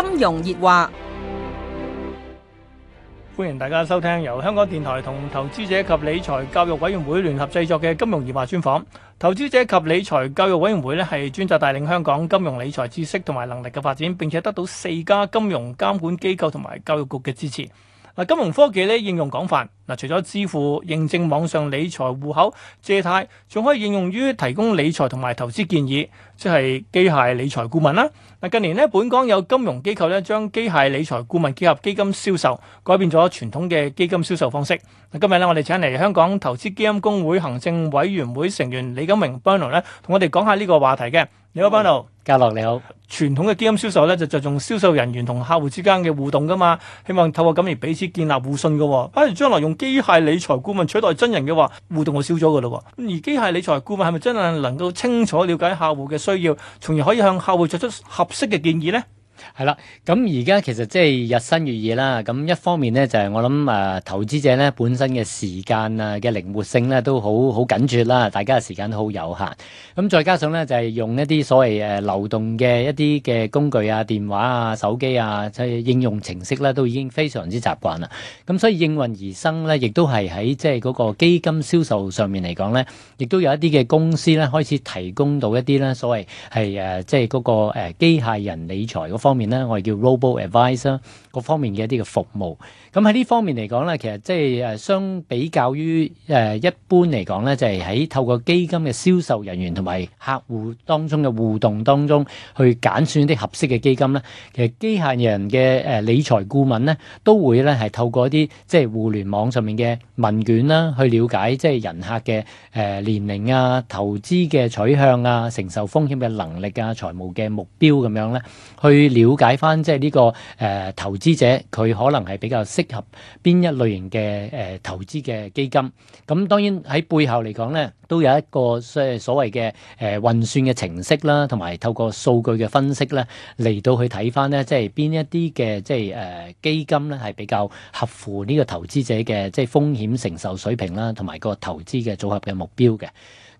金融熱話，歡迎大家收聽由香港電台同投資者及理財教育委員會聯合製作嘅金融熱話專訪。投資者及理財教育委員會呢係專責帶領香港金融理財知識同埋能力嘅發展，並且得到四家金融監管機構同埋教育局嘅支持。金融科技咧應用廣泛，嗱，除咗支付、認證、網上理財、戶口、借貸，仲可以應用於提供理財同埋投資建議，即係機械理財顧問啦。嗱，近年咧，本港有金融機構咧將機械理財顧問結合基金銷售，改變咗傳統嘅基金銷售方式。嗱，今日咧，我哋請嚟香港投資基金公會行政委員會成員李錦榮 Bruno 咧，同我哋講下呢個話題嘅。你好 Bruno 家樂你好，傳統嘅基金銷售咧就着重銷售人員同客戶之間嘅互動噶嘛，希望透過咁而彼此建立互信㗎喎。反而將來用機械理財顧問取代真人嘅話，互動就少咗噶咯。而機械理財顧問係咪真係能夠清楚了解客戶嘅需要，從而可以向客戶作出合適嘅建議呢？係啦，咁而家其實即係日新月異啦。咁一方面呢，就係、是、我諗、啊、投資者呢本身嘅時間啊嘅靈活性呢都好好緊缺啦。大家嘅時間都好有限。咁再加上呢，就係、是、用一啲所謂誒、啊、流動嘅一啲嘅工具啊、電話啊、手機啊、即、就、係、是、應用程式呢都已經非常之習慣啦。咁所以應運而生呢，亦都係喺即係嗰個基金銷售上面嚟講呢，亦都有一啲嘅公司呢開始提供到一啲呢所謂係誒即係嗰個誒、啊、機械人理財嗰方面咧，我哋叫 Robo Advisor 各方面嘅一啲嘅服務。咁喺呢方面嚟講咧，其實即係誒，相比較於誒一般嚟講咧，就係喺透過基金嘅銷售人員同埋客戶當中嘅互動當中，去揀選啲合適嘅基金咧。其實機械人嘅誒理財顧問咧，都會咧係透過一啲即係互聯網上面嘅問卷啦，去了解即係人客嘅誒年齡啊、投資嘅取向啊、承受風險嘅能力啊、財務嘅目標咁樣咧去。了解翻即係呢個誒、呃、投資者佢可能係比較適合邊一類型嘅誒、呃、投資嘅基金。咁當然喺背後嚟講咧，都有一個即係所謂嘅誒、呃、運算嘅程式啦，同埋透過數據嘅分析咧，嚟到去睇翻咧，即係邊一啲嘅即係誒、呃、基金咧係比較合乎呢個投資者嘅即係風險承受水平啦，同埋個投資嘅組合嘅目標嘅。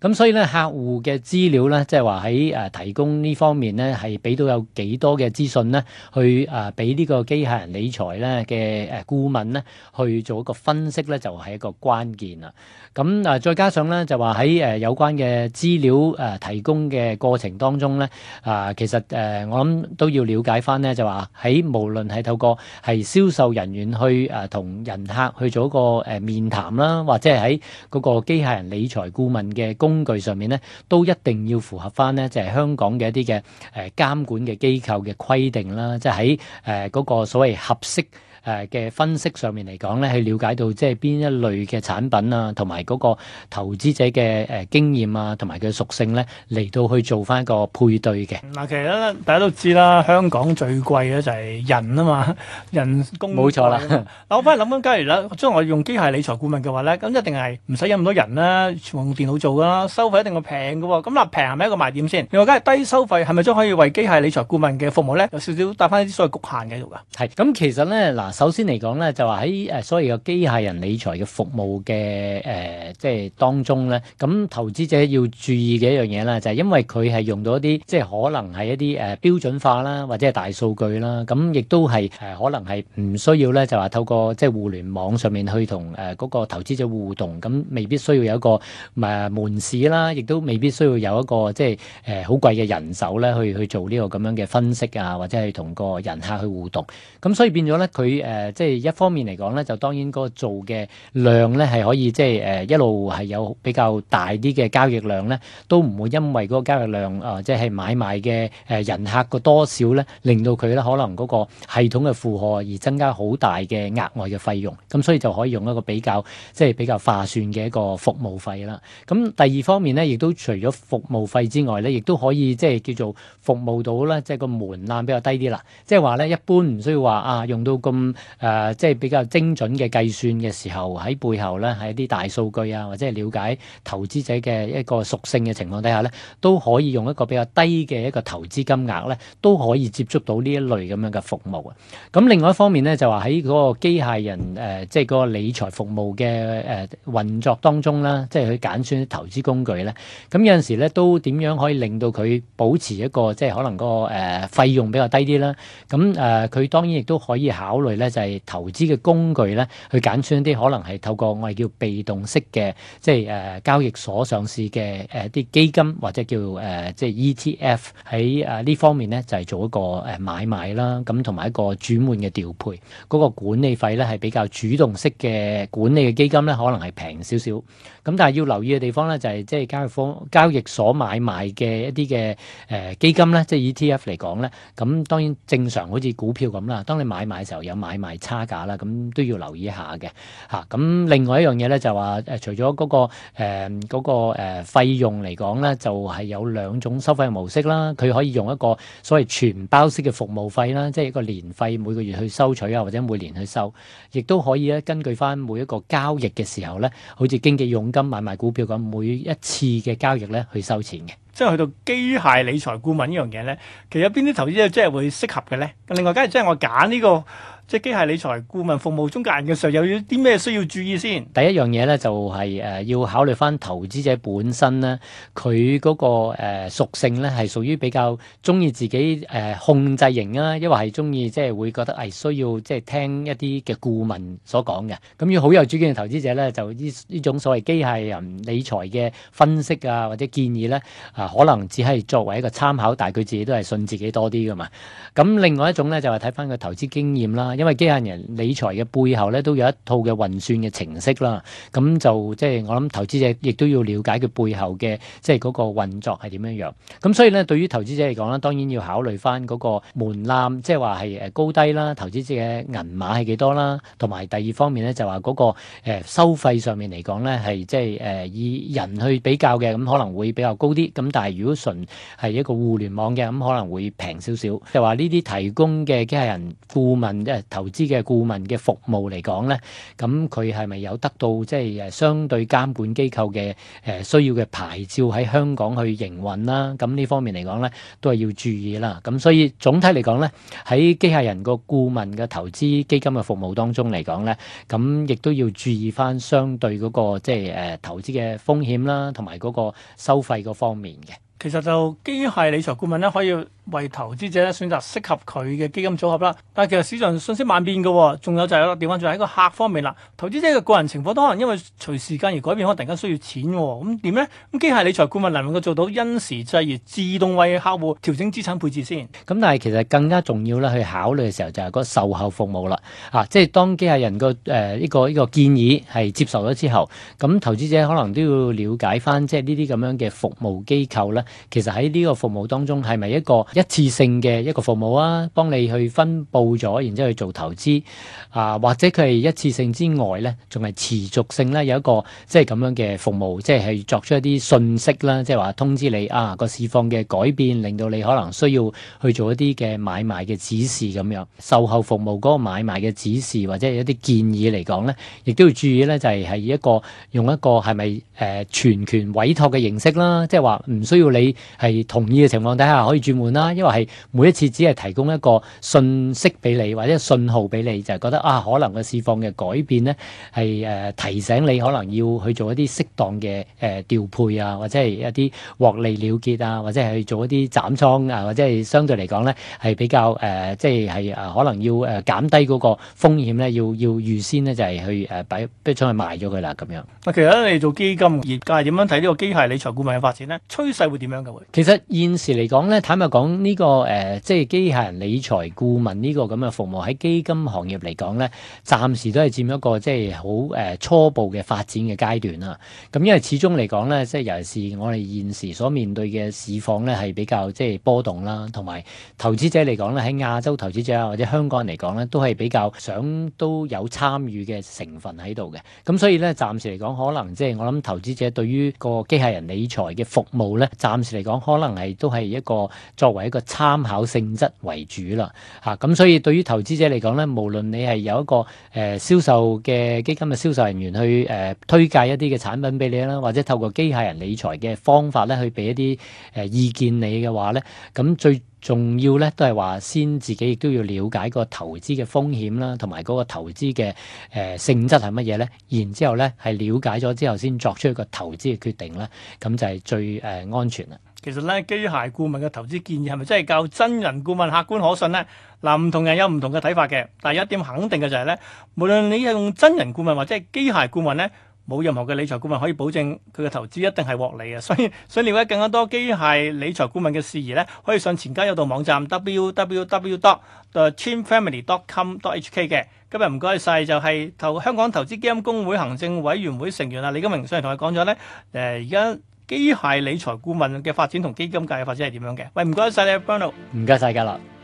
咁所以咧，客戶嘅資料咧，即係話，喺誒提供呢方面咧，係俾到有幾多嘅資訊咧，去誒俾呢個機械人理財咧嘅誒顧問咧，去做一個分析咧，就係一個關鍵啦。咁啊，再加上咧，就話，喺誒有關嘅資料誒提供嘅過程當中咧，啊，其實誒、啊、我諗都要了解翻咧，就話，喺無論係透過係銷售人員去誒同人客去做一個誒面談啦，或者係喺嗰個機械人理財顧問嘅公工具上面咧，都一定要符合翻咧，就係香港嘅一啲嘅誒監管嘅機構嘅規定啦，即係喺誒嗰個所謂合適。誒嘅分析上面嚟講咧，去了解到即係邊一類嘅產品啊，同埋嗰個投資者嘅誒經驗啊，同埋佢嘅屬性咧，嚟到去做翻一個配對嘅。嗱，其實咧，大家都知啦，香港最貴嘅就係人啊嘛，人工。冇錯啦。嗱， 我翻嚟諗緊，假如咧將我用機械理財顧問嘅話咧，咁一定係唔使有咁多人啦，全部用電腦做㗎啦，收費一定會平嘅喎。咁嗱，平係咪一個賣點先？另外，梗係低收費係咪將可以為機械理財顧問嘅服務咧有少少帶翻啲所謂局限嘅喺度㗎？係。咁其實咧嗱。首先嚟講咧，就話，喺誒，所謂嘅機械人理財嘅服務嘅誒即係當中咧，咁投資者要注意嘅一樣嘢啦，就係因為佢係用到一啲即係可能係一啲誒標準化啦，或者係大數據啦，咁亦都係誒可能係唔需要咧，就話透過即係互聯網上面去同誒嗰個投資者互動，咁未必需要有一個誒門市啦，亦都未必需要有一個即係誒好貴嘅人手咧去去做呢個咁樣嘅分析啊，或者係同個人客去互動，咁所以變咗咧佢。誒，即係一方面嚟講咧，就當然個做嘅量咧，係可以即係誒一路係有比較大啲嘅交易量咧，都唔會因為個交易量啊，即係買賣嘅誒人客個多少咧，令到佢咧可能嗰個系統嘅負荷而增加好大嘅額外嘅費用。咁所以就可以用一個比較即係比較劃算嘅一個服務費啦。咁第二方面咧，亦都除咗服務費之外咧，亦都可以即係叫做服務到咧，即係個門檻比較低啲啦。即係話咧，一般唔需要話啊用到咁。誒、呃，即係比較精準嘅計算嘅時候，喺背後咧係一啲大數據啊，或者係了解投資者嘅一個屬性嘅情況底下咧，都可以用一個比較低嘅一個投資金額咧，都可以接觸到呢一類咁樣嘅服務啊。咁另外一方面咧，就話喺嗰個機械人誒、呃，即係嗰個理財服務嘅誒運作當中啦，即係去揀選投資工具咧。咁有陣時咧，都點樣可以令到佢保持一個即係可能嗰、那個誒呃、費用比較低啲啦？咁誒，佢、呃、當然亦都可以考慮。咧就係、是、投資嘅工具咧，去揀出一啲可能係透過我哋叫被動式嘅，即係誒交易所上市嘅誒啲基金或者叫誒即係 ETF 喺誒呢方面咧就係、是、做一個誒買賣啦，咁同埋一個轉換嘅調配，嗰、那個管理費咧係比較主動式嘅管理嘅基金咧，可能係平少少。咁但係要留意嘅地方咧就係、是、即係交易方交易所買賣嘅一啲嘅誒基金咧，即、就、係、是、ETF 嚟講咧，咁當然正常好似股票咁啦，當你買賣嘅時候有埋買賣差價啦，咁都要留意一下嘅，吓咁。另外一樣嘢咧就話除咗嗰、嗰個誒、呃嗰個、費用嚟講咧，就係、是、有兩種收費模式啦。佢可以用一個所謂全包式嘅服務費啦，即係一個年費每個月去收取啊，或者每年去收，亦都可以咧根據翻每一個交易嘅時候咧，好似經紀佣金買賣股票咁，每一次嘅交易咧去收錢嘅。即係去到機械理財顧問呢樣嘢咧，其實有邊啲投資者即係會適合嘅咧？另外，假如即係我揀呢、呢個。即係機械理財顧問服務中間人嘅時候，有啲咩需要注意先？第一樣嘢咧就係、是、誒要考慮返投資者本身咧，佢嗰個誒屬性咧係屬於比較中意自己誒控制型啊，因為係中意即係會覺得係需要即係、就是、聽一啲嘅顧問所講嘅。咁要好有主見嘅投資者咧，就呢呢種所謂機械人理財嘅分析啊或者建議咧，啊可能只係作為一個參考，但係佢自己都係信自己多啲㗎嘛。咁另外一種咧就係睇返佢投資經驗啦。因為機械人理財嘅背後咧都有一套嘅運算嘅程式啦，咁就即係、就是、我諗投資者亦都要了解佢背後嘅即係嗰個運作係點樣樣。咁所以咧對於投資者嚟講咧，當然要考慮翻嗰個門檻，即係話係呃高低啦，投資者嘅銀碼係幾多啦，同埋第二方面咧就話、是、嗰、那個、呃、收費上面嚟講咧係即係以人去比較嘅，咁可能會比較高啲。咁但係如果純係一個互聯網嘅，咁可能會平少少。即係話呢啲提供嘅機械人顧問即、呃投資嘅顧問嘅服務嚟講咧，咁佢係咪有得到即係誒相對監管機構嘅誒需要嘅牌照喺香港去營運啦？咁呢方面嚟講咧，都係要注意啦。咁所以總體嚟講咧，喺機械人個顧問嘅投資基金嘅服務當中嚟講咧，咁亦都要注意翻相對嗰個即係誒投資嘅風險啦，同埋嗰個收費嗰方面嘅。其實就機械理財顧問呢可以為投資者咧選擇適合佢嘅基金組合啦。但係其實市場信息萬變嘅，哦，仲有就係點翻轉喺個客方面啦。投資者嘅個人情況都可能因為隨時間而改變，可能突然間需要錢，哦，咁點呢？咁機械理財顧問能唔能夠做到因時制宜，自動為客戶調整資產配置先。咁但係其實更加重要咧，去考慮嘅時候就係個售後服務啦。吓，啊，即係當機械人的，呃，這個誒呢個呢個建議係接受咗之後，咁投資者可能都要了解翻即係呢啲咁樣嘅服務機構咧。其實喺呢個服務當中，係咪一個一次性嘅一個服務啊？幫你去分佈咗，然之後去做投資啊？或者佢係一次性之外呢，仲係持續性呢？有一個即係咁樣嘅服務，即、就、係、是、作出一啲訊息啦，即係話通知你啊個市況嘅改變，令到你可能需要去做一啲嘅買賣嘅指示咁樣。售後服務嗰個買賣嘅指示或者一啲建議嚟講呢，亦都要注意呢，就係、是、係一個用一個係咪誒全權委託嘅形式啦，即係話唔需要你。你係同意嘅情況底下可以轉換啦，因為係每一次只係提供一個信息俾你，或者信號俾你，就係、是、覺得，啊，可能個市況嘅改變咧，係誒、呃、提醒你可能要去做一啲適當嘅誒調配啊，或者係一啲獲利了結啊，或者係做一啲斬倉啊，或者係相對嚟講咧係比較誒即係係可能要誒減低嗰個風險咧，要要預先咧就係、是、去誒擺逼出去賣咗佢啦咁樣。嗱，其實你做基金業界點樣睇呢個機械理財顧問嘅發展咧？趨勢會點？其實現時嚟講咧，坦白講呢個誒，即係機械人理財顧問呢個咁嘅服務喺基金行業嚟講咧，暫時都係佔一個即係好誒初步嘅發展嘅階段啦。咁因為始終嚟講咧，即係尤其是我哋現時所面對嘅市況咧，係比較即係波動啦，同埋投資者嚟講咧，喺亞洲投資者啊或者香港人嚟講咧，都係比較想都有參與嘅成分喺度嘅。咁所以咧，暫時嚟講可能即係我諗投資者對於個機械人理財嘅服務咧，暫暫時嚟講，可能係都係一個作為一個參考性質為主啦，吓、啊、咁所以對於投資者嚟講呢，無論你係有一個誒銷、呃、售嘅基金嘅銷售人員去誒、呃、推介一啲嘅產品俾你啦，或者透過機械人理財嘅方法咧去俾一啲誒、呃、意見你嘅話呢，咁最。仲要咧，都係話先自己亦都要了解個投資嘅風險啦，同埋嗰個投資嘅誒、呃、性質係乜嘢咧？然之後咧係了解咗之後，先作出一個投資嘅決定啦。咁就係最誒、呃、安全啦。其實咧，機械顧問嘅投資建議係咪真係較真人顧問客觀可信呢？嗱，唔同人有唔同嘅睇法嘅，但係一點肯定嘅就係咧，無論你用真人顧問或者係機械顧問咧。冇任何嘅理財顧問可以保證佢嘅投資一定係獲利嘅。所以想瞭解更加多機械理財顧問嘅事宜呢。可以上錢家有道網站 www.thechinfamily.com.hk 嘅。今日唔該晒就係投香港投資基金公會行政委員會成員啊李錦榮上嚟同我講咗呢：呃「誒而家機械理財顧問嘅發展同基金界嘅發展係點樣嘅？喂，唔該晒你 Bruno 唔該晒㗎啦。Bruno 謝謝。